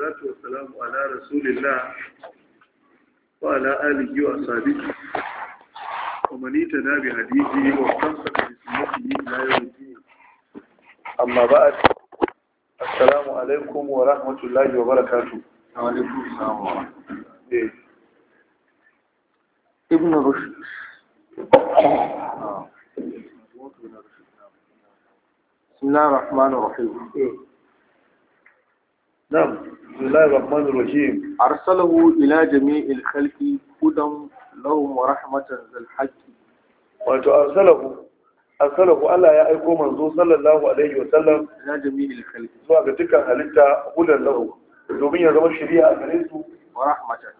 salatu wa salamu ala rasulillah wa ala alihi wa sabiki wa manita na bi hadisi wa kansa da isimoti na yau jini amma ba a ce assalamu alaikum wa rahmatullahi wa barakatu eh. ibn rushd بسم الله الرحمن الرحيم نعم بسم الله الرحمن الرحيم أرسله إلى جميع الخلق هدى لهم ورحمة للحج wato arsalahu arsalahu Allah ya aiko manzo sallallahu alaihi wa sallam ila jami'il khalq zuwa ga dukkan halitta hudan lahu domin ya zama shari'a a gare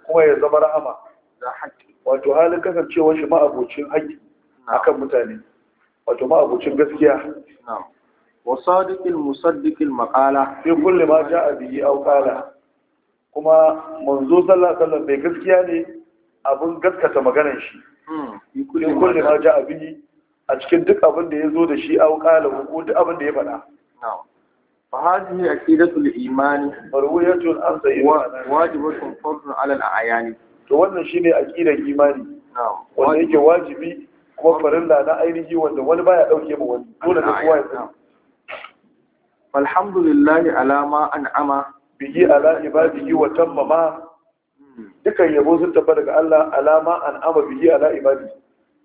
kuma ya zama rahama da haƙƙi wato halin kasancewar shi ma'abocin haƙƙi akan mutane gaskiya na'am wa sadiqil musaddiqil maqala fi ma kuma manzo sallallahu alaihi wasallam bai gaskiya ne abun gaskata maganar shi hmm. in kulli ma ja abi a cikin duk abin da yazo da shi au qala ko duk abin da ya faɗa fa hadhihi aqidatul imani. iman barwiyatu al wa wajibatun fardun ala al-ayani to wannan shine aqidar imani wanda yake wajibi kuma farilla na ainihi wanda wani baya dauke ba wani dole ne kowa ya san alhamdulillah alama an'ama bihi ala ibadihi wa tammama dukan yabo sun tabba daga Allah alama an ama bihi ala ibadi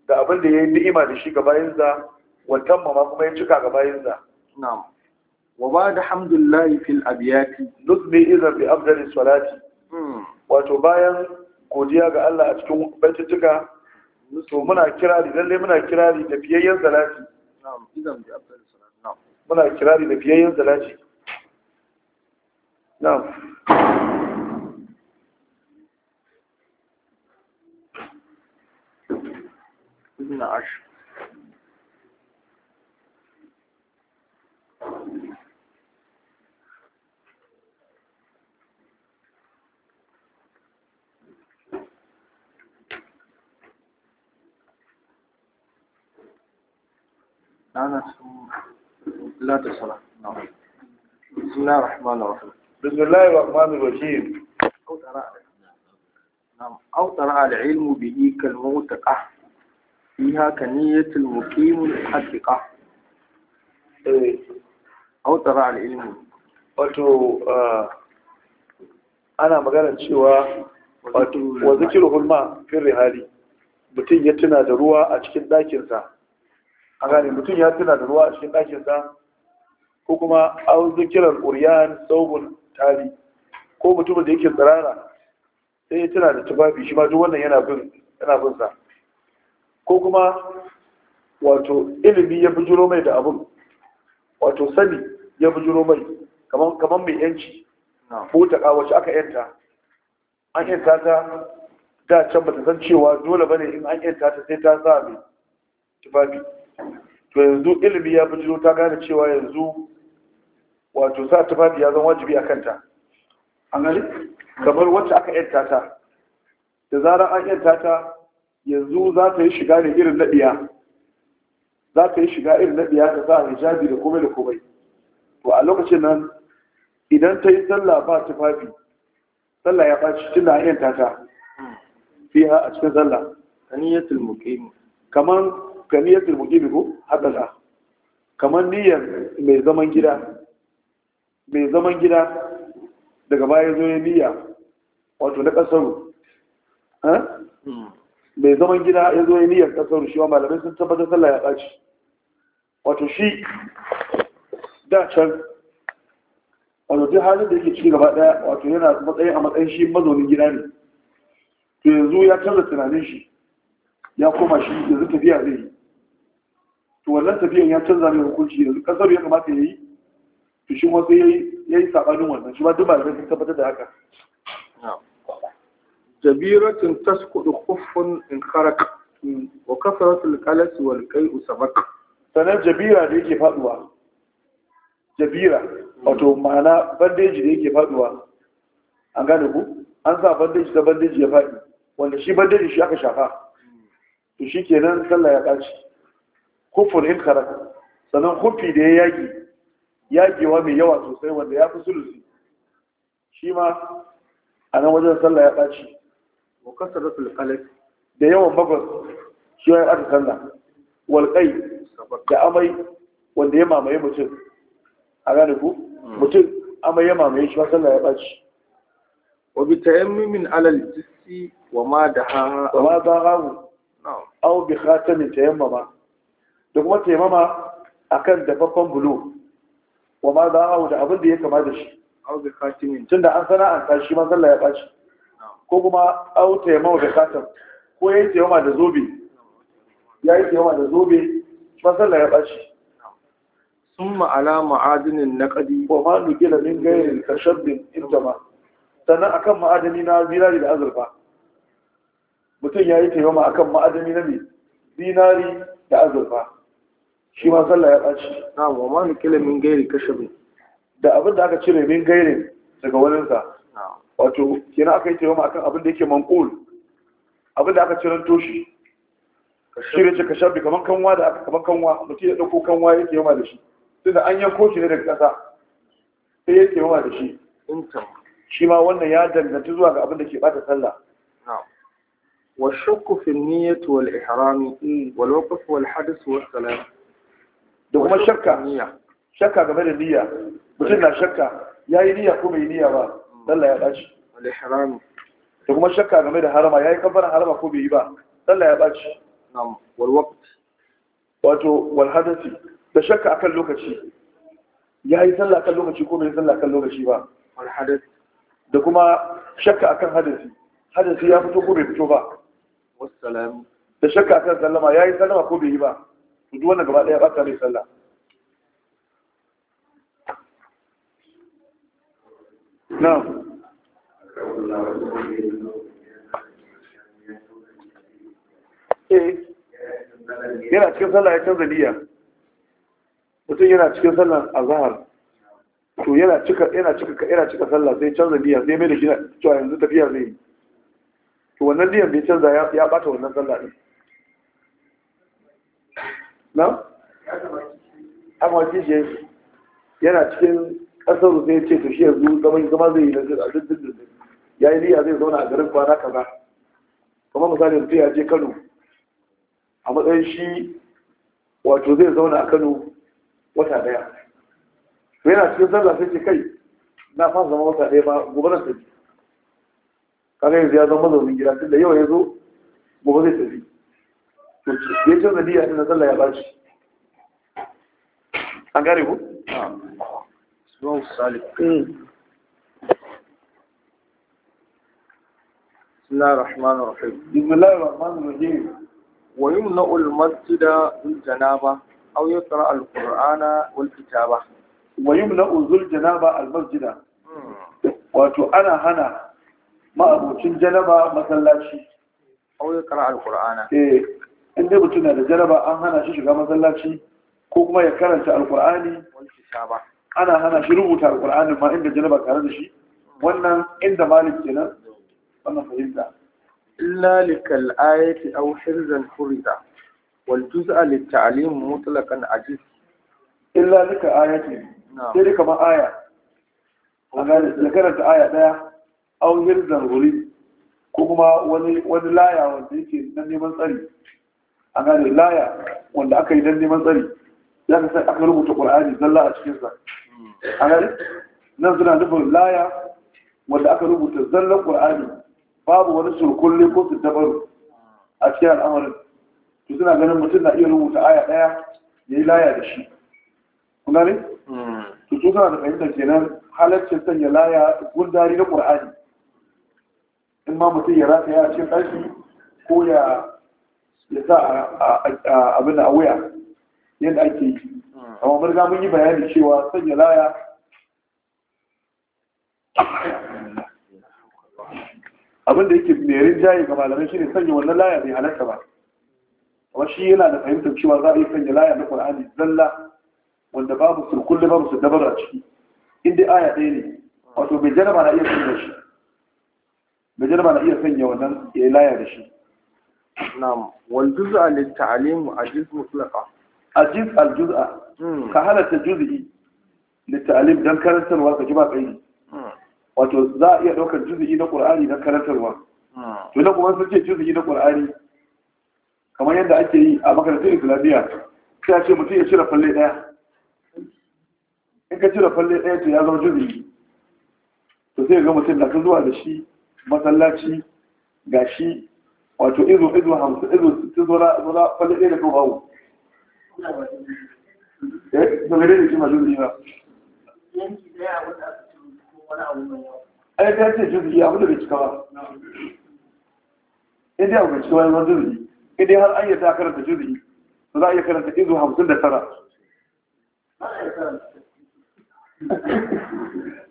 da abin da yayi ni'ima da shi ga bayinsa wa tammama kuma ya cika ga bayinsa na'am wa ba'da hamdulillahi fil abyati nutmi idza bi afdali salati hmm. wato bayan godiya ga Allah a cikin baitutuka to muna kirari lalle muna kirari da fiyayyen salati na'am idan bi afdali salati na'am muna kirari da fiyayyen salati نعم ابن عشر لا لا تصلح نعم بسم الله الرحمن الرحيم بسم الله الرحمن الرحيم أو ترى العلم به كالموتقة فيها كنية المقيم الحقيقة أو ترى العلم wato ah, ana magana cewa wato wa zikiru hulma fin rihali mutum ya tuna da ruwa a cikin ɗakinsa a gane mutum ya tuna da ruwa a cikin ɗakinsa ko kuma au tari ko mutumin da yake tsirara sai ya tana da tufafi shi ma duk wannan yana bin yana bin sa ko kuma wato ilimi ya bujuro mai da abun wato sani ya bujuro mai kaman kaman mai yanci ko ta wacce aka yanta an yanta ta da can ba ta san cewa dole bane in an yanta ta sai ta sa mai tufafi to yanzu ilimi ya bujuro ta gane cewa yanzu wato za ta fadi ya zama wajibi a kanta an gani kamar wacce aka yanta ta da zarar an yanta ta yanzu za ta yi shiga ne irin nadiya za ta yi shiga irin nadiya ta sa hijabi da komai da komai to a lokacin nan idan ta yi sallah ba fadi sallah ya tun da an yanta ta fiha a cikin sallah kaniyatul muqim kaman kaniyatul muqim ko hadala kaman niyyar mai zaman gida mai zaman gida daga baya zo ya niyya wato na kasaru hmm. mai zaman gida ya zo ya niyyar kasaru shi wa malamai sun tabbatar sallah ya ɓaci wato shi da can wato duk halin da yake ciki gaba ɗaya wato yana matsayin a matsayin shi mazaunin gida ne to yanzu ya canza tunanin shi ya koma shi yanzu tafiya zai yi to wannan tafiyan ya canza mai hukunci yanzu kasaru ya kamata ya yi to shi wasu ya yi saɓanin wannan shi ba duk malamai sun tabbatar da haka tun taskudu kuffun in karaka. wa kasaratul qalas wal kai sabaq sanan jabira da yake faduwa jabira wato ma'ana bandeji da yake faduwa an gane ku an sa bandeji ta bandeji ya faɗi wanda shi bandeji shi aka shafa to shi kenan sallah ya ɗaci? kufur in karak sannan kufi da ya yaki yagewa mai yawa sosai wanda ya fi sulusi shi ma a nan wajen sallah ya ɓaci wa kasar rasul kalif da yawan bagas shi ya aka sallah walƙai da amai wanda ya mamaye mutum a gane ku hmm. mutum amai ya mamaye shi ma sallah ya ɓaci wa bi tayammimin alal jissi wa ma da ha wa ma da hawo aw bi khatamin tayammama da kuma tayammama akan dafaffen bulu wa ma za a da abin da ya kama da shi tun da an sana'anta shi ma ya ɓaci ko kuma auta ya mawa da katam ko ya yi taimama da zobe ya yi tiyama da zobe ma ya ɓaci sun ma'ala ma'adinin na ƙadi wa ma nuke da min gairin kashabbin intama sannan akan ma'adini na zinari da azurfa mutum ya yi tiyama akan ma'adini na zinari da azurfa shi ma sallah ya ɓaci na wa ma nukila min gairi kashe da abin da aka cire min gairi daga waninsa wato kina aka yi taimama akan abin da yake manƙul abin da aka cire toshi shi ne ce ka shafi kamar kanwa da aka kamar kanwa mutum ya ɗauko kanwa ya taimama da shi tunda an yanko shi ne daga ƙasa sai ya taimama da shi shi ma wannan ya danganta zuwa ga abin da ke ɓata sallah والشك في النية والإحرام والوقف والحدث والسلام da kuma shakka shakka game da niyya mutum na shakka ya yi niyya ko bai niyya ba sallah ya ɓaci da kuma shakka game da harama ya yi kamfanin harama ko bai yi ba sallah ya ɓaci wato walhadasi da shakka akan lokaci ya yi sallah kan lokaci ko bai yi sallah kan lokaci ba da kuma shakka akan hadasi hadasi ya fito ko bai fito ba da shakka akan sallama ya yi sallama ko bai yi ba to duk wannan gaba ɗaya ba ta mai sallah na'am eh, yana cikin sallah ya canza niyya mutum yana cikin sallah a zahar to yana cika yana cika yana cika sallah sai canza niyya sai mai da shi cewa yanzu tafiya zai yi to wannan niyyar bai canza ya bata wannan sallah din na? amma kishiyar shi yana cikin ƙasar rufe ce to shi zama yi zama zai yi na a duk ya yi niyya zai zauna a garin kwana kaza kuma misali mutum ya je kano a matsayin shi wato zai zauna a kano wata daya to yana cikin sallah sai ce kai na fasa zama wata daya ba gobe zan tafi kaga yanzu ya zama mazaunin gida tun da yau ya zo gobe zai tafi بسم الله الرحمن الرحيم بسم الله الرحمن الرحيم ويمنع المسجد الجنابة أو يقرأ القرآن والكتابة ويمنع ذو الجنابة المسجد wato هنا ما ma'abocin janaba مثلا شيء أو يقرأ القرآن eh in dai mutum na da jaraba an hana shi shiga masallaci ko kuma ya karanta alkur'ani ana hana shi rubuta alkur'ani ma inda jaraba tare da shi wannan inda malik nan wannan fahimta illa likal ayati aw hirzan furida wal juz'a lit ta'lim mutlaqan ajiz illa lika ayati sai dai kamar aya ya karanta aya daya aw hirzan furida ko kuma wani wani laya wanda yake na neman tsari a gane laya wanda aka yi don neman tsari ya kasar aka rubuta ƙwar'ani zalla a cikinsa a gane nan suna nufin laya wanda aka rubuta zallan ƙwar'ani babu wani surkulle ko su dabaru a cikin al'amarin to suna ganin mutum na iya rubuta aya ɗaya ya yi laya da shi kuna ne? Hmm. to su suna da fahimtar kenan halarcin sanya laya gundari na ƙwar'ani in ma mutum ya rataya a cikin ƙarfi ko ya ya sa abin a wuya yadda ake yi amma mun mun yi bayani cewa sanya laya abin da yake merin jaye ga malamai ne sanya wannan laya mai halatta ba amma shi yana da fahimtar cewa za a yi sanya laya na qur'ani zalla wanda babu surkulle babu su dabara ciki inda aya ɗaya ne wato bai jaraba na iya sanya shi bai na iya sanya wannan ya eh, laya da shi na'am wal juz'a lit ta'lim ajiz mutlaqa ajiz al juz'a hmm. ka halatta juz'i lit ta'lim dan karantarwa ka ji ba kai hmm. wato za a iya ɗaukar juz'i na qur'ani dan karantarwa hmm. to da kuma sun ce juz'i na qur'ani kamar yadda ake yi a makarantar islamiyya sai ce mutum ya cire falle daya in ka cire falle daya to ya zama juz'i to zai ga mutum na ka zuwa da shi masallaci gashi wato izo izo hamsin izo sittin zola zola falle ɗaya da kan hawo eh ba gare da shi ma juzi ba ai ta ce juzi abu da bai cika ba in dai abu bai cika ba yanzu juzi in dai har an yadda karanta juzi to za a iya karanta izo hamsin da tara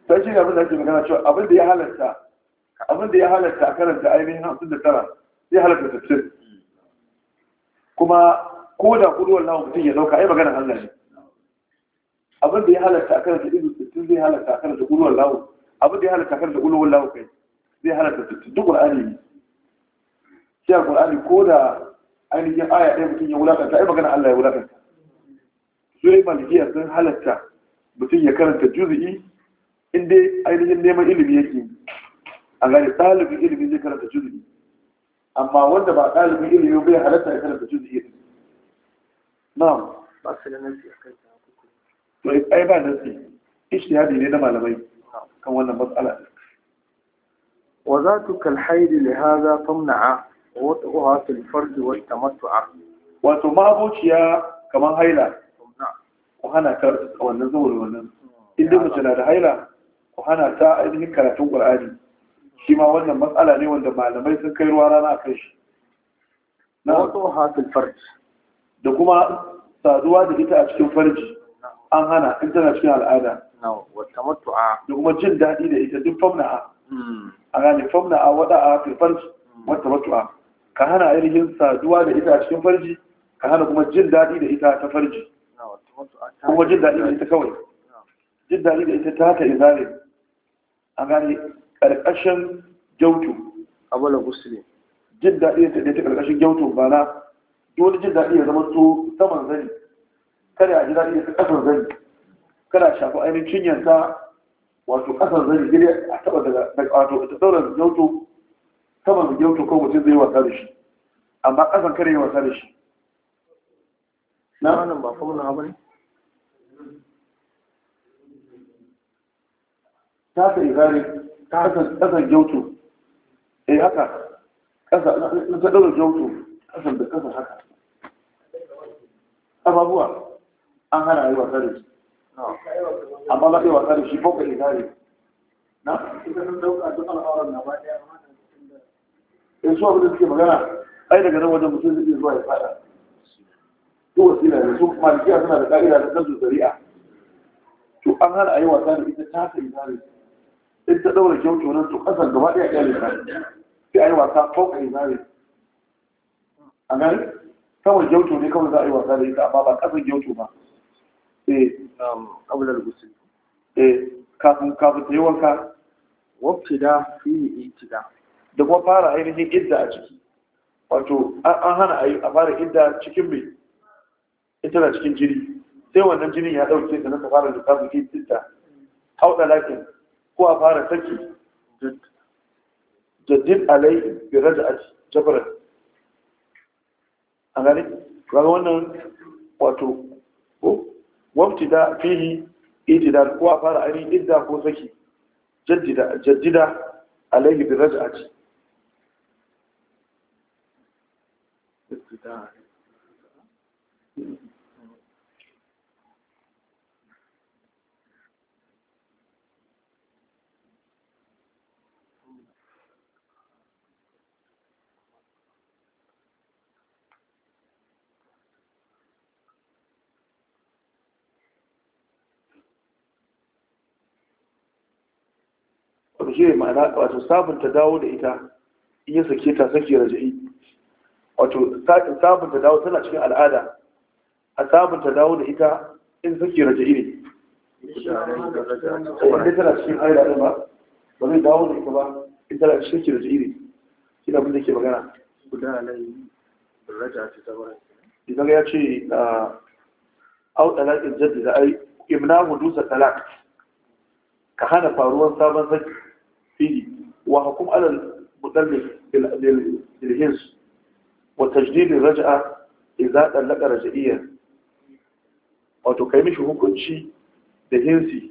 ta shi ne abin da ake magana cewa abin da ya halatta abin da ya halatta karanta ainihin hamsin da tara zai halatta tafsir kuma ko da kudu wallahu mutum ya dauka ai magana Allah ne abin da ya halatta a karanta izu sittin zai halatta a da kudu wallahu abin da ya halatta a karanta kudu wallahu kai zai halatta tafsir duk Qur'ani ne shi Qur'ani ko da ainihin aya ɗaya mutum ya wulakanta ai magana Allah ya wulakanta su yi malikiyar sun halatta mutum ya karanta juzi'i inda ainihin neman ilimi yake a gane ɗalibin ilimi zai karanta juzi'i أما وده بقى قال من إيه اللي يوبيه حالتها يسأل بجوز إيه نعم بس لنسي حكاية طيب أي بقى نسي إيش دي هذه لنما لبين كم ولا مسألة وذاتك الحيد لهذا تمنع وطئها في الفرد والتمتع وتما يا كمان هيلا تمنع وهنا كرس أو النزول والنزول نعم. إذن مجلال هيلا وهنا ساعد من كرة تنقل عادي shi ma wannan matsala ne wanda malamai sun kai ruwa rana a kan shi na wato hasil farji da kuma saduwa da ita a cikin farji an hana in tana cikin al'ada da kuma jin daɗi da ita duk famna hmm. a gane famna'a wada a fil farji hmm. wata matu'a ka hana ainihin saduwa da ita a cikin farji ka hana kuma jin daɗi da ita ta farji kuma jin daɗi da ita kawai jin daɗi da ita ta haka izalin a gane ƙarƙashin gyautu a wala gusule jin daɗi ya taɗe ta ƙarƙashin gyautu ba na dole jin daɗi ya zama to saman zani kada ya ji daɗi ya ta ƙasar zani kada shafi ainihin cinyanta wato ƙasar zani gire a taɓa daga wato ta ɗaura gyautu saman gyautu ko mutum zai wasa da shi amma ƙasar kare ya wasa da shi na wannan ba famula ba ne ta ta izari ƙasan jautu, eh haka ƙasa na ta ɗaura gyautu ƙasan da ƙasa haka ababuwa an hana a yi wasa da shi amma za a yi wasa da shi bauka ne zare na? in eh, su abin da suke magana ai daga nan wajen mutum zai zuwa ya fada duk wasila ne su malikiya suna da ka'ida da kansu zari'a to an hana a yi wasa da ita ta ta yi zare in ta daura kyautu nan to kasan gaba ɗaya ɗaya da sai a yi wasa fauka ya zare a gani saman kyautu ne kawai za a yi wasa da ita amma ba kasan kyautu ba eh kabilar gusul eh kafin kafin ta yi wanka wabtida fi itida da kuma fara ainihin idda a ciki wato an hana a yi a fara idda cikin mai ita na cikin jiri sai wannan jinin ya ɗauke da na ta fara da kafin idda hauɗa lafiya ko a fara saki da din alai bi raja a jabar a gani ranar wannan wato wamti da fili idida ko a fara ainihin idda ko saki jaddida alai bi raja a ci shi ne ma'ana wato sabunta dawo da ita iya ya sake ta sake raja'i wato sabunta dawo tana cikin al'ada a sabunta dawo da ita in sake raja'i ne eh, in tana cikin haila ɗin ba ba zai dawo da ita ba in tana cikin sake raja'i ne shi da abin da ke magana guda nan raja ta tabarai idan ya ce ah, au talaƙin jaddida ai imna hudusa talak ka hana faruwar sabon saki وحكم على المدلس بالهنس وتجديد الرجعة إذا طلق رجعيا wato kai hukunci da hinsi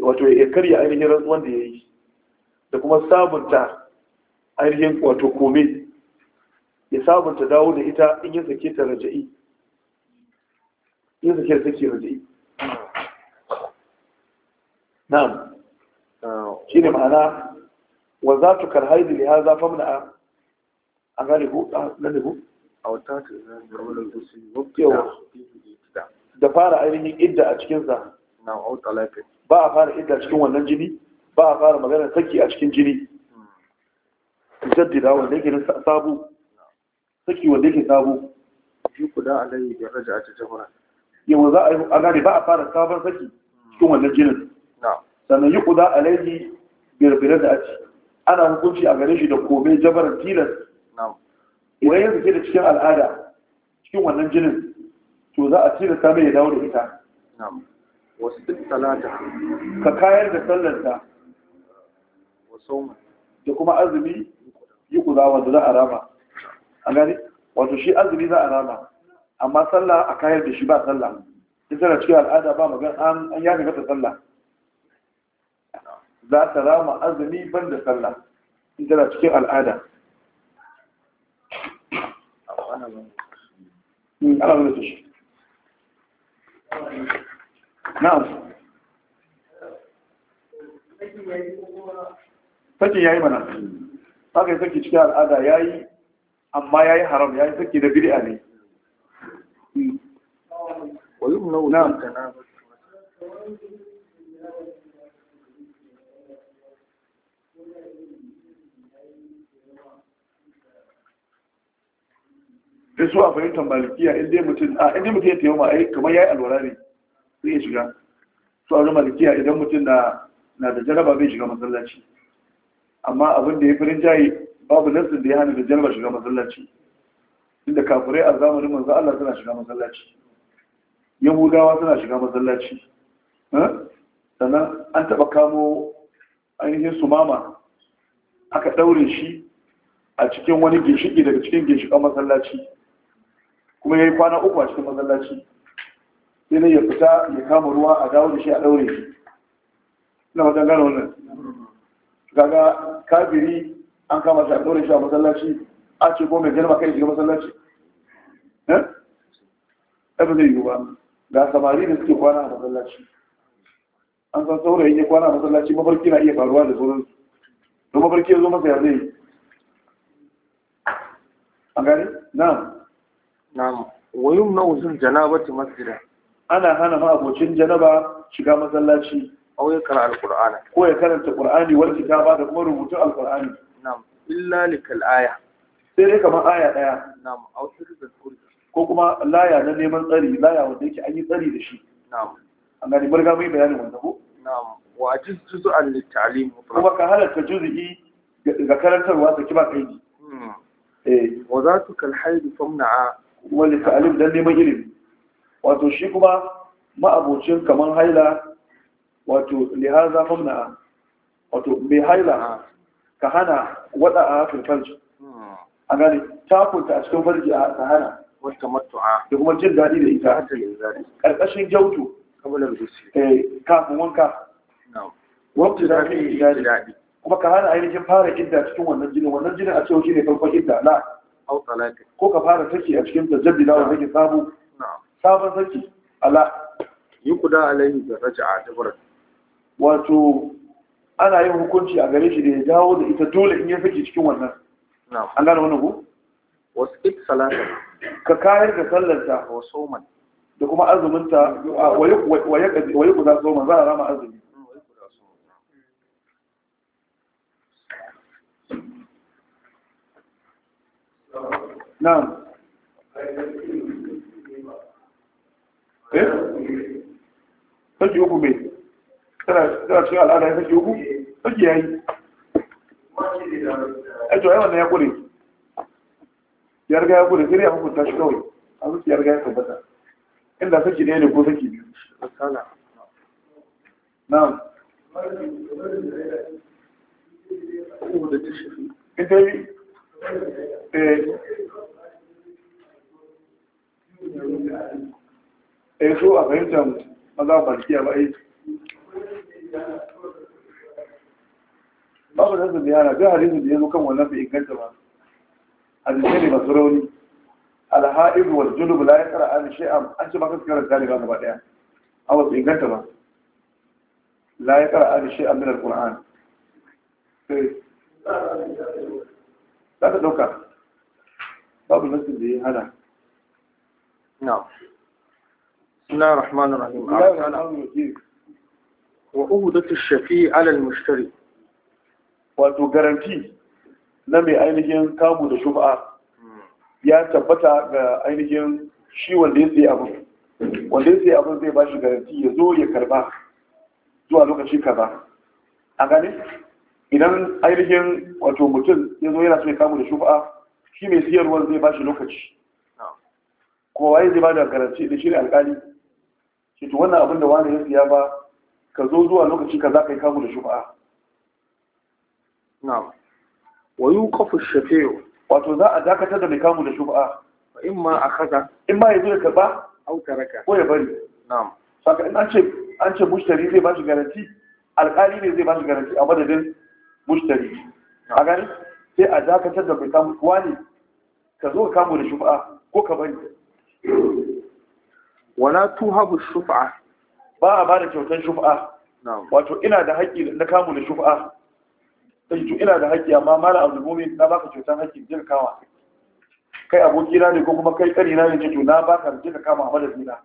wato ya karya ainihin rantsuwan da ya yi da kuma sabunta ainihin wato kome ya sabunta dawo da ita in ya sake ta raja'i da sake raja'i hmm. wa za tu kar haidu li haza famna a an gane ku na ne ku a wata ta zama da da fara ainihin idda a cikinsa na wata lafiya ba a fara idda cikin wannan jini ba a fara magana saki a cikin jini hmm. jaddida wanda yake sabu saki wanda yake sabu ji kuda alayhi bi raja'a ta jabara yau za a yi a gane ba a fara sabon saki cikin wannan jinin sannan yi kuda alayhi bi raja'a ta ana hukunci a gare shi da kome jabarar tilas idan yanzu ke da cikin al'ada cikin wannan jinin to za a tilasta mai ya dawo da ita wasu duk talata ka kayar da sallanta da kuma azumi yi kuza wanda za a rama a gani wato shi azumi za a rama amma sallah a kayar da shi ba sallah ita da cikin al'ada ba magana an yaga gata sallah za ta rama azumi ban da sallah in tana cikin al'ada sakin ya yi mana yi saki cikin al'ada yi amma yi haram yi saki da a ne sai su a fahimtar malikiya inda mutum a in mutum ya taimama ai eh, kamar ya yi alwara ne sai ya shiga su a malikiya idan mutum na da jaraba bai shiga masallaci amma abin da ya fi jayi babu nassin da ya hana da jaraba shiga masallaci inda kafirai a zamanin manzo Allah suna shiga masallaci yahudawa suna shiga masallaci sannan an taɓa kamo ainihin sumama aka ɗaure shi a cikin wani ginshiki daga cikin ginshikan masallaci kuma ya yi kwana uku a cikin masallaci sai ya fita ya kama ruwa a dawo da shi a daure shi na wajen gano wannan gaga kafiri an kama shi a daure shi a masallaci a ce ko mai girma kai shiga masallaci eh ba zai yiwu ba ga samari da suke kwana a masallaci an san saurayin ya kwana a masallaci mafarki na iya faruwa da sauran don mafarki ya zo masa ya zai an gani na na'am wa yumna uzul janabati masjida ana hana ma abocin janaba shiga masallaci aw ya kara alqur'ana ko ya karanta qur'ani wal kitaba da kuma rubutu alqur'ani na'am illa likal aya sai dai kamar aya daya na'am aw sirrul kursi ko kuma laya na neman tsari laya wanda yake an yi tsari da shi na'am an gani barga mai bayanin wanda ko na'am wa ajiz juz'an lit ta'lim kuma ka halatta juz'i ga karantarwa saki ba kai hmm. eh wa zatu kal hayd famna'a wani ta'alim don neman ilimi wato shi kuma ma'abocin kamar haila wato lihaza famna wato mai haila ka hana wada a hafin farji a gani takunta a cikin farji a ka hana da kuma jin daɗi da ita ƙarƙashin jautu eh, kafin wanka wakti da ake yi daɗi. kuma ka hana ainihin fara idda cikin wannan jinin wannan jinin a cewa shi ne farkon idda la aw talaqin ko ka fara saki a cikin tajaddida wanda yake sabo sabon saki ala yukuda alaihi da raj'a dabara wato ana yin hukunci a gare shi da ya dawo da ita dole in ya saki cikin wannan an gane wannan ko wasu ik salata ka kayar da sallarta wa soman da kuma azuminta wa yaku za soman za a rama azumi na'am eh kashi uku mai tana cikin al'ada ya kashi uku kashi ya yi ajo eh, yawan na ya kure ya riga ya kure sai ya hukunta shi kawai a zuci ya riga ya tabbata inda saki ɗaya ne ko saki biyu na'am in ta yi eh, eh so a fahimta mu maza ba kiya ba ai eh. babu nasu da yana ga hadisi da ya zo kan wannan bai inganta ba hadisi ne masu rauni alha'id wal junub la yaqra an shay'an an ce ba kaskar ba, gaba ɗaya. a wasu inganta ba la yaqra an shay'an minar alquran eh. za ta dauka babu nasu da ya hana نعم بسم الله الرحمن الرحيم وأهدة الشفيع على المشتري wato garanti na mai ainihin kamu da shufa ya tabbata ga ainihin shi wanda ya tsaye abin wanda ya tsaye abin zai ba shi garanti ya zo ya karba zuwa lokaci kaza a gani idan ainihin wato mutum ya zo yana so ya kamu da shufa shi mai siyarwar zai ba shi lokaci kuma waye zai ba da garanti da shirya alkali shi to wannan abin da wani ya siya ba ka zo zuwa lokaci ka za ka yi kamu da shufa na wa yuqafu shafi'u wato za a dakatar da mai kamu da shufa in ma akhadha in ma yazo ya karba au taraka ko ya bari na saka in an ce an ce mushtari zai ba shi garanti alkali ne zai ba shi garanti a madadin mushtari a gani sai a dakatar da mai kamu wani ka zo ka kamu da shufa ko ka bari wala habu shufa ba a bada kyautar shufa wato ina da haƙƙi na kamu da shufa sai to ina da haƙƙi amma mala abu mumin na baka kyautar haƙƙi jin kama kai aboki na ne ko kuma kai kari na ne to na baka jin kama a da na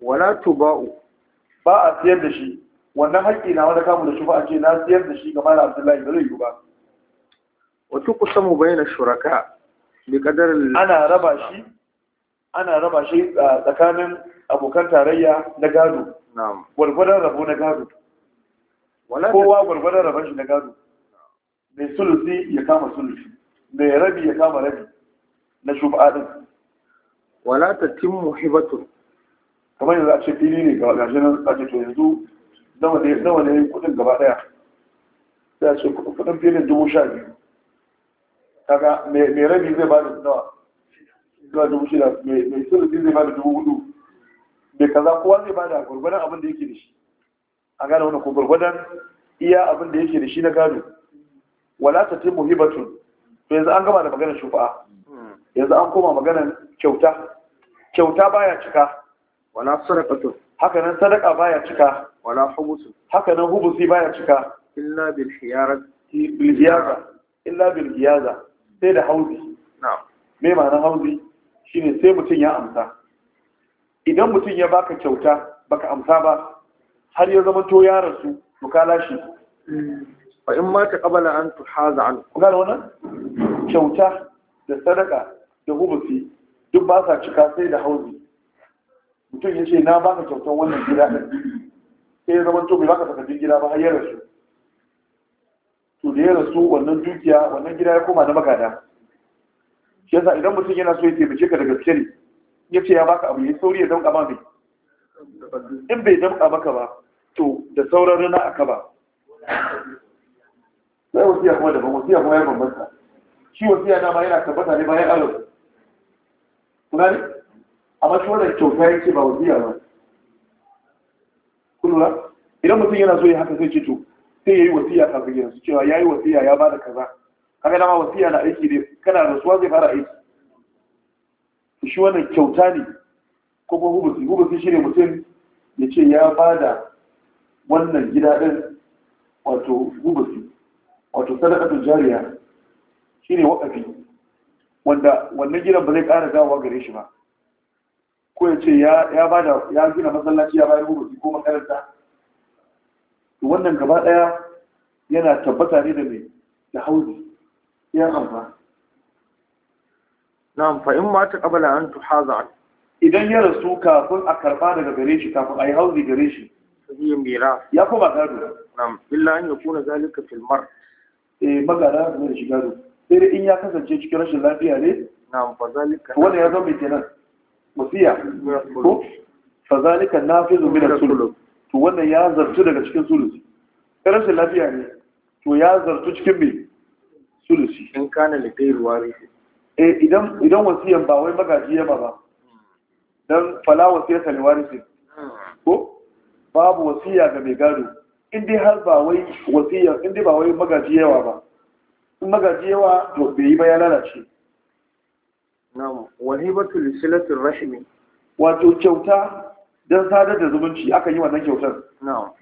wala ba'u ba a siyar da shi wannan haƙƙi na wani kamu da shufa a ce na siyar da shi ga mala abdullahi da zai yi ba kusa mu bayyana shuraka ana raba shi ana raba shi tsakanin abokan tarayya na gado gwargwadon rabo na gado kowa gwargwadon rabon shi na gado mai sulusi ya kama sulusi mai rabi ya kama rabi na shuba'a din wala ta timmu hibatu kamar yanzu a ce fili ne ga gashi nan a ce yanzu zama ne kudin gaba daya sai a ce kudin filin dubu sha biyu kaga mai rabi zai ba da nawa zuwa dubu shida mai sulusi zai ba da dubu hudu mai kaza kowa zai ba da gwargwadon abin da yake da shi a gane wani ko gwargwadon iya abin da yake da shi na gado wala ta timu hibatun to yanzu an gama da maganar shufa'a yanzu an koma maganar kyauta kyauta baya cika wala sadaqatu haka nan sadaqa baya cika wala hubusu haka nan hubusi baya cika illa bil khiyara illa bil khiyaza sai da hauzi mai ma'ana hauzi shine sai mutum ya amsa idan mutum ya baka kyauta baka amsa ba har ya zama to ya rasu to ka lashe Ba in ma taqabala an tuhaza an ku gane wannan kyauta da sadaka da hubusi duk ba sa cika sai da hauzi mutum ya ce na baka kyautan wannan gida din sai ya zama to bai baka takardun gida ba har ya rasu su da ya rasu wannan dukiya wannan gida ya koma na magada shi yasa idan mutum yana so ya taimake ka da gaske ne ya ce ya baka abu ya sauri ya damƙa ma mai in bai damƙa maka ba to da sauran rana aka ba sai wasiya kuma daban wasiya kuma ya bambanta shi wasiya dama yana tabbata ne bayan an kuna ne amma shi wannan kyauta ya ce ba wasiya ba kuna idan mutum yana so ya haka sai ce to sai ya yi wasiya kafin ya rasu cewa ya yi wasiya ya bada kaza kaga dama wasiya na aiki ne kana da suwa zai fara aiki shi wannan kyauta ne ko kuma hubusi hubusi shine mutum ya ce ya bada wannan gida ɗin wato hubusi wato sadaqatul jariya shine wakafi wanda wannan gidan ba zai ƙara dawowa gare shi ba ko ya ce ya da ya gina masallaci ya bayar hubusi ko makaranta to wannan gaba daya yana tabbata ne da mai da hauzi ya amfa na'am fa in ma ta qabala an tuhaza idan ya rasu kafin a karba daga gare shi kafin a yi hauzi gare shi ya kuma gado na'am illa an yakuna zalika fil mar eh magana ne shi gado sai in ya kasance cikin rashin lafiya ne na'am fa zalika wanda ya zama kenan Musiya, ko fa zalika nafizu min as-sulus to wannan ya zartu daga cikin sulusi rashin lafiya ne to ya zartu cikin mai sulusi in kana kai ruwa ne eh idan idan wasiyan ba wai magaji ya ba dan fala wasiyata li warisi ko babu wasiya ga mai gado in dai har ba wai wasiyar, in dai ba wai magaji yawa ba in magaji yawa to bai yi ba ya lalace na'am wahibatu silatul silati rahimi wato kyauta don sadar da zumunci aka yi wannan kyautar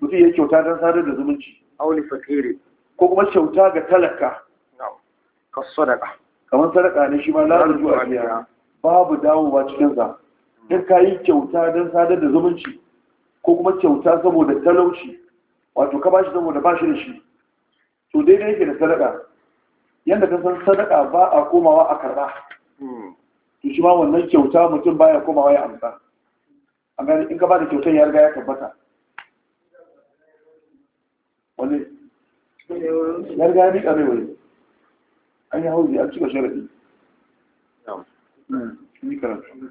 mutum ya kyauta don sadar da zumunci auli fakiri ko kuma kyauta ga talaka ka sadaka kamar sadaka ne shi ma lalata zuwa biya babu dawowa cikin sa in ka yi kyauta don sadar da zumunci ko kuma kyauta saboda talauci wato ka bashi saboda bashi da shi to daidai yake da sadaka yadda ka san sadaka ba a komawa a karba hmm. to shi ma wannan kyauta mutum baya komawa ya amsa a in ka ba da kyautar ya riga ya tabbata wani ya riga ya mai wani an yi hauzi an cika sharaɗi hmm, hmm. eh, ya bai sai ne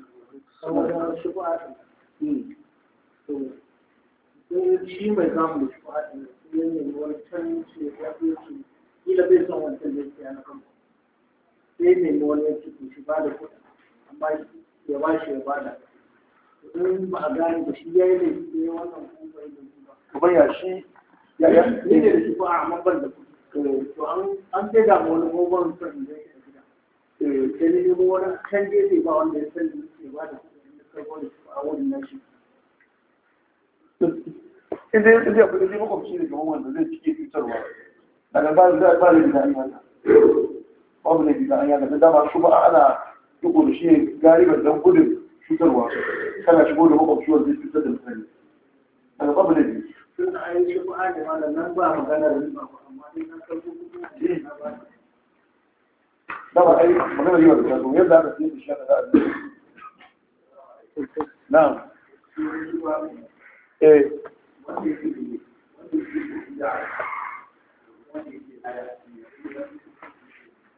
wani ya ci ba da kuɗi amma ya ba shi ya ba da in eh, ba a gane shi ya yi da ne wannan kuma ya ya shi ya ya ne da shi ba a mabar da eh, to an an sai da wani goban san da yake da gida eh, sai ne mu wani ba wanda ya san da yake ba da kuma da a wurin nashi in dai in dai abu da ne zai cike fitarwa. daga ba da ba da gida an yana babu da gida an yana da dama shi ba ana duk da shi gariban dan gudun cutarwa kana shigo da makwabciwar zai cutar da mutane daga babu na biyu sun a yi shi ba da malam nan ba magana da riba ba amma dai na karbo kuɗi na ba da ba ai magana riba da karbo yadda aka siya da shaka za a yi na'am eh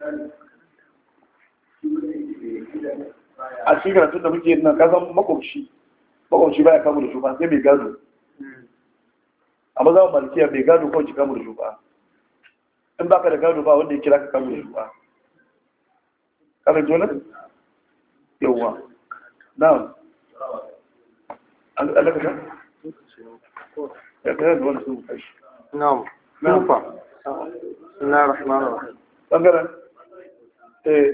Thank you. a cikin karatun da muke nan kasan makwabci makwabci baya kamu da shufa sai mai gado a maza malikiya mai gado kawai ci kamar da shufa in ba ka da gado ba wanda ya kira ka kamu da shufa kamar jona yawwa na alaka ya kira da wani sun kashi na'am nufa na rahmanar bangaren eh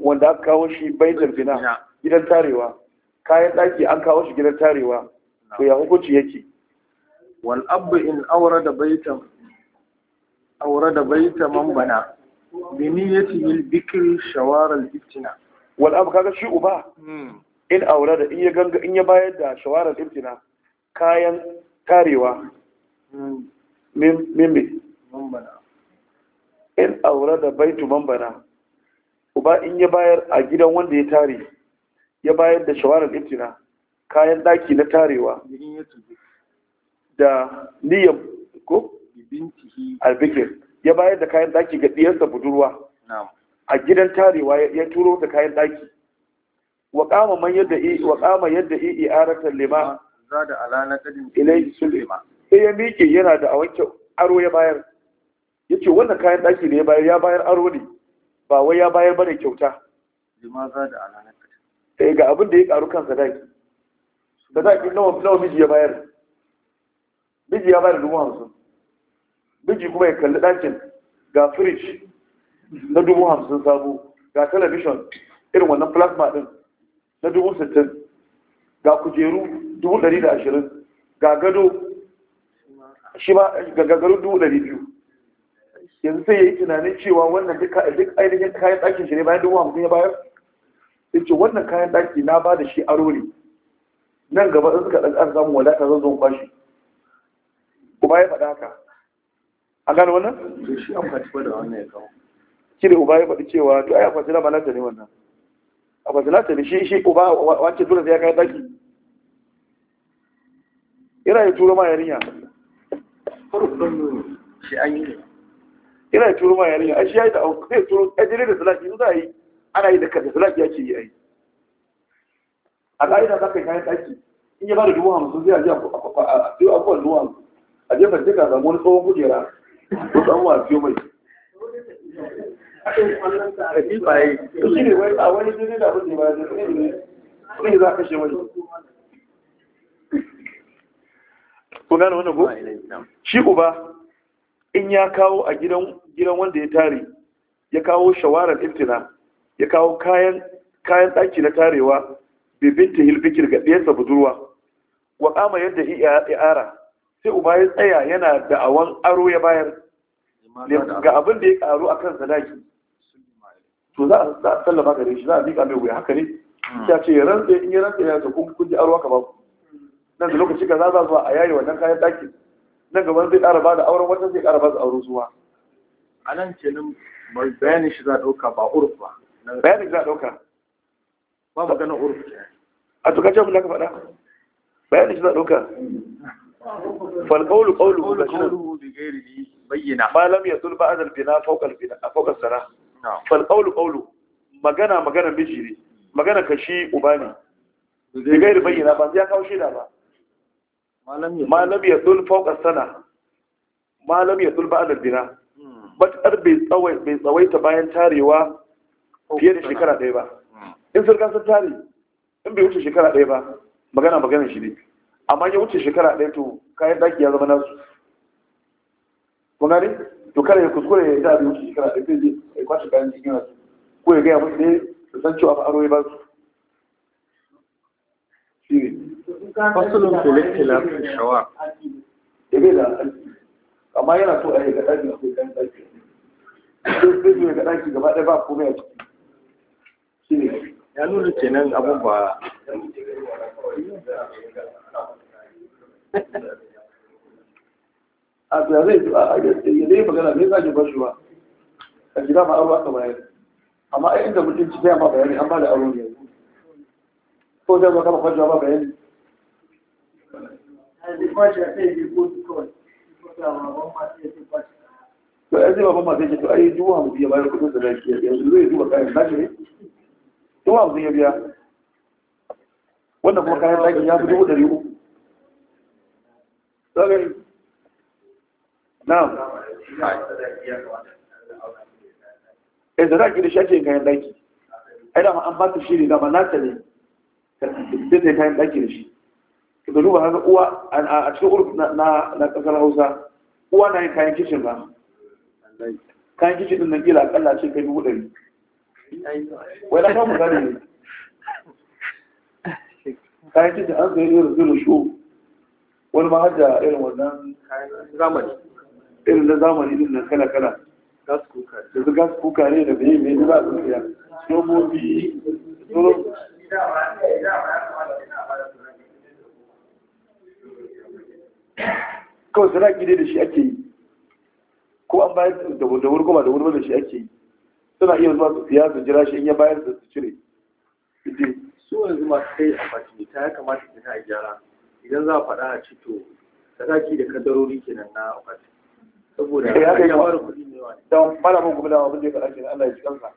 wanda aka kawo shi bai bina gidan tarewa kayan ɗaki an kawo shi gidan tarewa to ya hukunci yake wal abu in aure da baitan baita man bana bi niyyati bil bikri shawar al iftina wal abu kaga shi uba hmm. in aure da in ya ganga in ya bayar da shawar al iftina kayan tarewa hmm. in aure da baitu man bana Ba in ya bayar a gidan wanda ya tare ya bayar da shawarar itina, kayan daki na tarewa da niyyar ko albikir ya bayar da kayan daki ga diyarsa budurwa a gidan tarewa ya turo da kayan daki waƙama man yadda i wa yadda i i'arata lima zada ala naqdin ilay sulima sai ya miƙe yana da a wanke aro ya bayar yace wannan kayan daki ne ya bayar ya bayar aro ne ba wai ya bayar bane kyauta da eh ga abin da ya karu kan sadaki sadaki nawa nawa miji ya bayar miji ya bayar dubu hamsin miji kuma ya kalli ɗakin ga firij na dubu hamsin sabo ga talabishin irin wannan plasma ɗin na dubu sittin ga kujeru dubu ɗari da ashirin ga gado shi ma ga gagarin dubu ɗari biyu yanzu sai ya yi tunanin cewa wannan duk ainihin kayan ɗakin shi ne bayan dubu hamsin ya bayar ya ce wannan kayan ɗaki na ba da shi aro ne nan gaba in suka ɗan samu wadata zan zon kwashi uba ya faɗa haka a gane wannan? shi an faɗi da wannan ya kawo shi ne uba ya faɗi cewa to ai akwati na malata ne wannan akwati lata ne shi shi uba wace dole sai ya kayan ɗaki ira ya tura ma yarinya shi an yi ne ina turu ma yarinya ai shi yayi da auku sai turu ajire da salati in za yi ana yi da kada salati yake yi ai a ga ina zaka kai kayan ɗaki in ya ba dubu 50 zai aje a a ko dubu 50 a jefa jika ga wani tsohon kujera ko dan wa siyo mai shi wani da ba ya shi wani kun gane wannan ko shi uba in ya kawo a gidan gidan wanda ya tare ya kawo shawarar intina ya kawo kayan ɗaki na tarewa bibinta hilfikir ga ɗiyarsa budurwa wa kama yadda i'ara sai uba ya tsaya yana da awon aro ya bayar ga abin da ya karu a kan sadaki to za a sallama gare shi za a miƙa mai wuya haka ne hmm. ya ce rantsa in yi rantsa ya ce kun ji aro aka ba nan da lokaci ka za za zuwa a yayi wannan kayan ɗakin nan gaban zai ƙara ba da auren wata zai ƙara ba su auren zuwa a nan kenan bayanin shi za ɗauka ba urf ba bayanin za ɗauka ba magana urf a tukace abin da ka faɗa bayanin shi za ɗauka فالقول قوله قوله بغير بينة ya لم يدل بعد البناء فوق البناء فوق السنة فالقول قوله magana magana bijiri magana kashi ubani gairi bayyana ba ya kawo shida ba malam ya dul fauka sana malam ya dul ba'ad bina matuƙar bai tsawaita bayan tarewa fiye da shekara ɗaya ba in sun kasar tare in bai wuce shekara ɗaya ba magana magana shi ne amma ya wuce shekara ɗaya to kayan daki ya zama nasu kun to kare ya kuskure ya da bai wuce shekara ɗaya zai je ya kwashe kayan cikin nasu ko ya gaya musu ne da san cewa fa'aro ya ba su shi ne fasulun filin tilafin shawa da amma yana so a yi ga ɗaki akwai kan ɗaki sai su ga ɗaki gaba ɗaya ba komai a ciki shi ne ya nuna kenan abun ba a da zai zuwa a zai magana zai zage ba shi ba a gida ba aro aka bayar amma a inda mutunci zai ma bayani an ba da aro ne ko zai ba kama kwanciya ba bayani to ai zai baban masu yake to ai duwa hamsin ya bayar kudin da zaki ya yanzu zai duba kayan zaki ne duwa hamsin ya biya wannan kuma kayan zaki ya fi dubu ɗari uku zagari na'am eh da zaki da shi ake kayan zaki ai da an ba ta shiri da ba na ta ne sai ta kayan zaki da shi da duba haka uwa a cikin urf na kasar hausa uwa na yin kayan kicin ba kayan kicin din na gila akalla ce kai dubu ɗari wai na kawo misali ne kayan kicin an sayi irin zuru shu wani ma hajja irin wannan zamani irin na zamani din na kala kala gas kuka da gas kuka ne da bai mai za a tsakiya snobobi kawai sadaki dai da shi ake yi ko an bayar da wuri goma da wuri da shi ake yi suna iya zuwa su siya su jira shi in ya bayar da su cire su yanzu masu kai a bakin ta ya kamata ta ta gyara idan za a faɗa a cito to sadaki da kadarori kenan na akwati saboda ya eh, kai ya fara kuɗi ne wani don malamin gobe da abin da faɗa kenan Allah ya ji kansa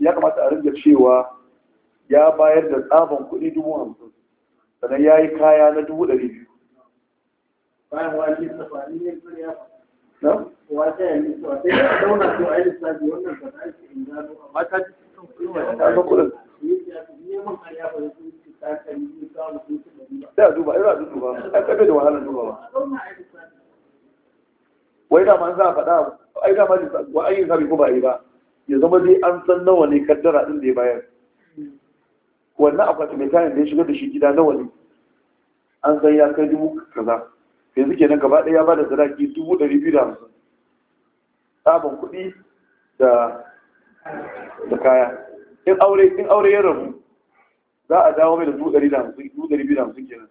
ya kamata a rinka cewa ya bayar da tsaban kuɗi dubu hamsin sannan ya yi kaya na dubu ɗari biyu bayan wa ta yi sai wannan ta in gano ta ji kuma ta kudin ya ta yi ba duba ya duba bai da wahalar duba ba wai da man za a faɗa ai da man wa ai zabi ko ba yi ba ya zama dai an san nawa ne kaddara din da ya bayar wannan akwati mai kayan da ya shiga da shi gida nawa ne an san ya kai dubu kaza yanzu kenan gaba ɗaya ya ba da sadaki dubu ɗari biyu da hamsin kuɗi da kaya in aure in aure ya rabu za a dawo mai da dubu ɗari da hamsin dubu ɗari biyu da hamsin kenan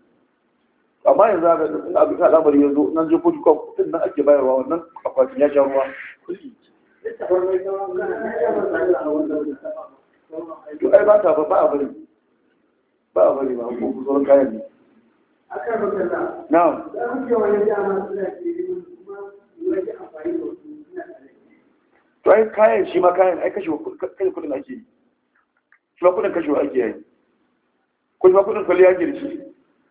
amma yanzu haka in abin al'amari yanzu, nan je kuɗi kan kuɗin nan ake bayarwa wannan akwatin ya sha ruwa to ai ba ta ba ba a bari ba a bari ba ko kusurin kayan ne Na'am. To ai kayan shi ma kayan ai kashe kashe kudin ake yi. Shi ma kudin kashe ake yi. Ko shi ma kudin kwalli ake da shi.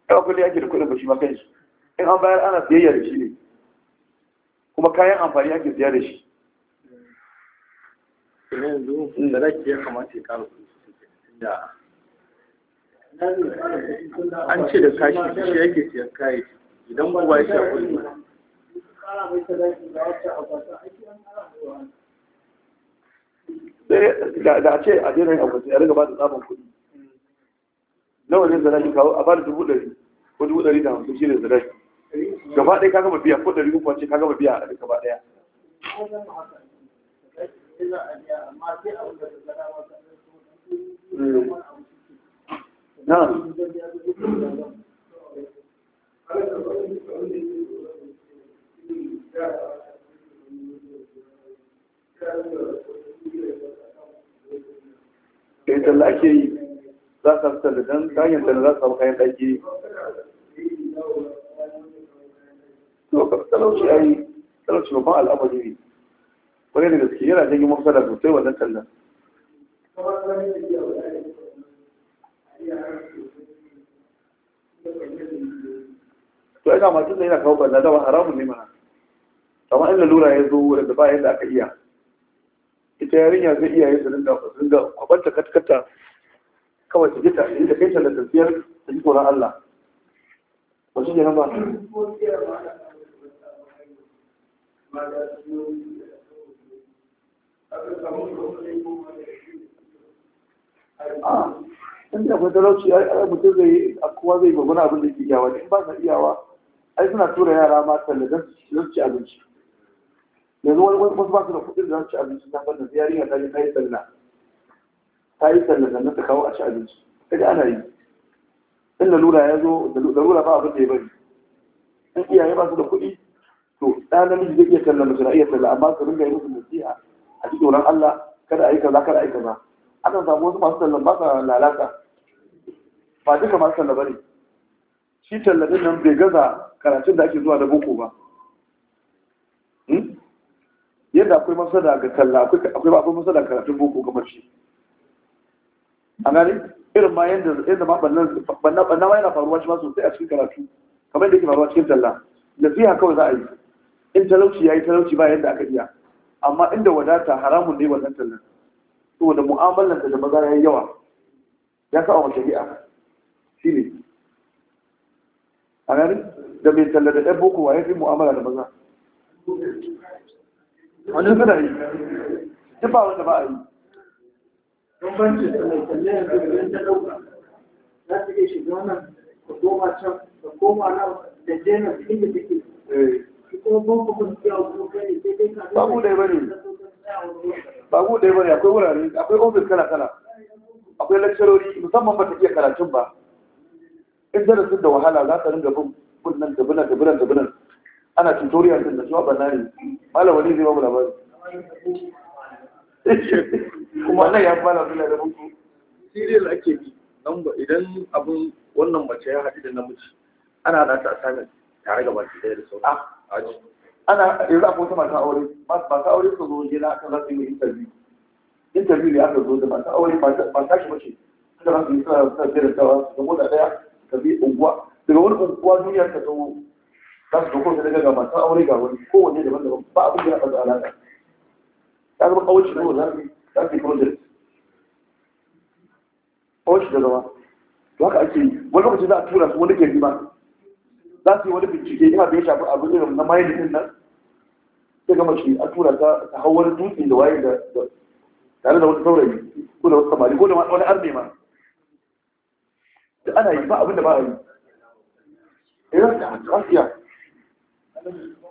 Ai kwalli ake da kudin ba shi ma kan shi. In an bayar ana siyayya da shi ne. Kuma kayan amfani ake siya da shi. Yanzu hmm. da ki ya kamata ya kara kuɗi sosai. an ce da kashi shi yake siyan kayayyaki idan kowa ya sha kuɗi da a ce a jera yin abuwa ya riga ba da tsaban kuɗi nawa ne zarafi kawo a ba da dubu ɗari ko dubu ɗari da hamsin shi ne zarafi gaba ɗaya ka gama biya ko ɗari ko ce ka gama biya a gaba ɗaya Mm. na'am kai ake yi za ka fitar da don ta hanyar talla za ka kayan ɗaki to talauci a yi talauci ba al'amari ne kwarai da gaske yana mafi da sosai wannan tallan to ina masu da yana kawo banna dawa haramun ne mana amma in lalura ya zo da ba yadda aka iya ita yarinya zai iya yin ringa ringa kwabanta katkata kawai su jita inda kai ta da tafiyar da ji Allah ba shi ne na ba a in da akwai talauci ai mutum zai a kowa zai gwagwana abin da ke iyawa in ba na iyawa ai suna tura yara ma talle zan su ci abinci yanzu wani wani wasu ba su da kuɗin da za su ci abinci na fannin ziyari a ta ta yi talla ta yi talla sannan ta kawo a ci abinci kaga ana yi in lura ya zo lura ba abin da ya bari in iyaye ba su da kuɗi to ɗa namiji zai iya talla mace na iya talla amma su ringa yi musu nasiha a cikin wurin Allah kada a yi kaza kada a yi kaza akan samu wasu masu tallan ba sa lalata ba duka masu talla bane shi talladin nan bai gaza karatun da ake zuwa da boko ba hmm? yadda akwai masada ga talla akwai ba akwai masada karatun boko kamar shi a gani irin ma yadda yadda ma banna ma yana faruwa shi ma sosai a cikin karatu kamar da yake faruwa cikin talla nasiha kawai za a yi in talauci ya yi talauci ba yadda aka iya amma inda wadata haramun ne wannan tallan saboda mu'amalar da maza ya yi yawa ya sa wa shari'a shine a ganin da mai talla da ɗan boko ya fi mu'amala da maza wani suna yi ta ba wanda ba a yi bambancin da mai talla yanzu da ta ɗauka za ta iya shiga nan ka koma can ka koma nan da jenar inda take eh. kuma boko ba mu ɗaya bane ba ne, bane akwai wurare akwai ofis kala kala akwai lakcarori musamman ba ta iya karatun ba in darasin da wahala za ka ringa bin kunnan da binan da binan da binan ana tutorial din da bana ne malam wani zai babu labari kuma nan ya fara bila da mutu serial ake bi nan ba idan abun wannan mace ya haɗu da namiji ana da ta assignment tare ga baki ɗaya da sauran ah. aji ana yanzu akwai wata mata aure Masu aure su zo gida aka za su interview interview ne aka zo da mata aure mata shi mace aka za su yi suna suna da tawa su da ɗaya tafi unguwa daga wani unguwa duniya ta zo za su dokon daga ga masu aure ga wani kowanne daban daban ba abin da ya faɗa alaƙa ta zama kawai shirin wanda za su yi project kawai shirin zama to haka ake yi wani lokaci za a tura su wani gari ma za su yi wani bincike ina da ya shafi abin irin na mayan din nan sai gama shi a tura ta ta hau wani dutse da waye da tare da wani saurayi ko da wasu samari ko da wani arme ma da ana yi ba abinda ba a yi eh, idan ka hasiya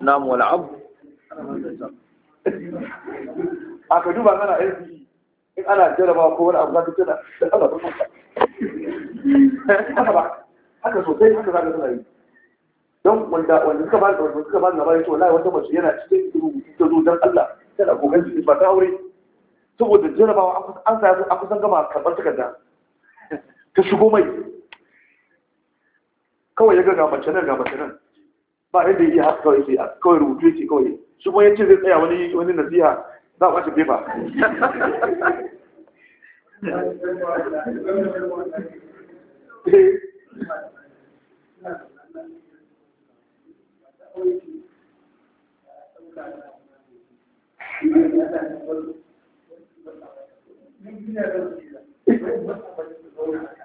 nam wal ab a ka duba kana aiki in ana jaraba ko wani abu za ka tana da Allah ba haka ba haka sosai haka za ka tana yi don wanda wanda suka ba da wanda suka ba da labari to wallahi wata mace yana cikin rubutu ta zo dan Allah tana kokarin ba ta aure saboda jarabawa an sa an kusan gama karɓar takarda ta shigo mai kawai ya ga mace nan ga mace nan ba yadda ya haka kawai sai kawai rubutu yake kawai Su kuma yace zai tsaya wani wani nasiha za a kwace paper Thank you.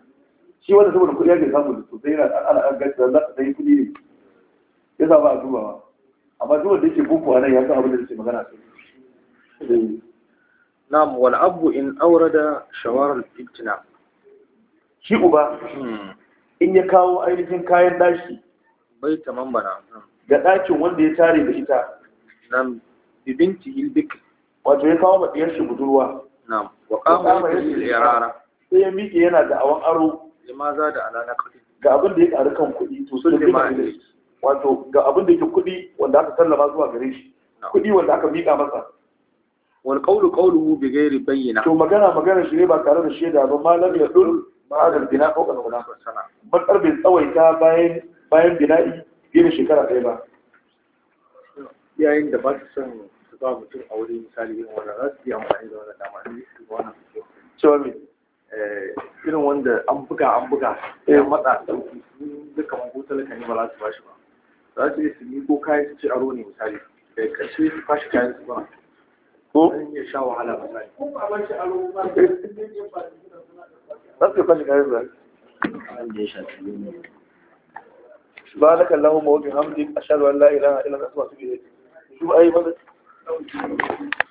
shi wanda saboda kuɗi yake samu da sosai yana ana an gaskiya za zaka sayi kuɗi ne ya sa ba a ba amma duk wanda yake boko nan ya san abin da yake magana sai na'am wal abu in da shawarar ibtina shi uba hmm. in ya kawo ainihin kayan dashi bai taman bana ga hmm. ɗakin wanda ya tare da ita nam bibinti duk. wato ya kawo maɗiyar shi budurwa nam wa kama ya sai ya miƙe yana da awon aro lima za da alana kuɗi ga abin da ya ƙaru kan kuɗi to sun lima wato ga abin da yake kuɗi wanda aka sallama zuwa gare shi kuɗi wanda aka miƙa masa wal qawlu qawluhu bi ghairi bayyina to magana magana shi ne ba tare da shaida ba malam ya dul ba da bina ko kana wala sana matsar bai tsawaita bayan bayan bina'i yin shekara ɗaya ba yayin da ba su son su ba mutum a aure misali irin wannan za su yi amfani da wannan dama ne wannan cewa me Eh, irin wanda an buga an buga ya matsa sauki duka mako talaka ne ba za su ba shi ba za su yi su ko kayan su ci aro ne misali da karshe su fashi kayan su ba ko ya sha wahala misali ko ba shi aro eh. ba za su fashi kayan su ba سبحانك اللهم وبحمدك أشهد أن لا إله إلا أنت أستغفرك شو أي مدد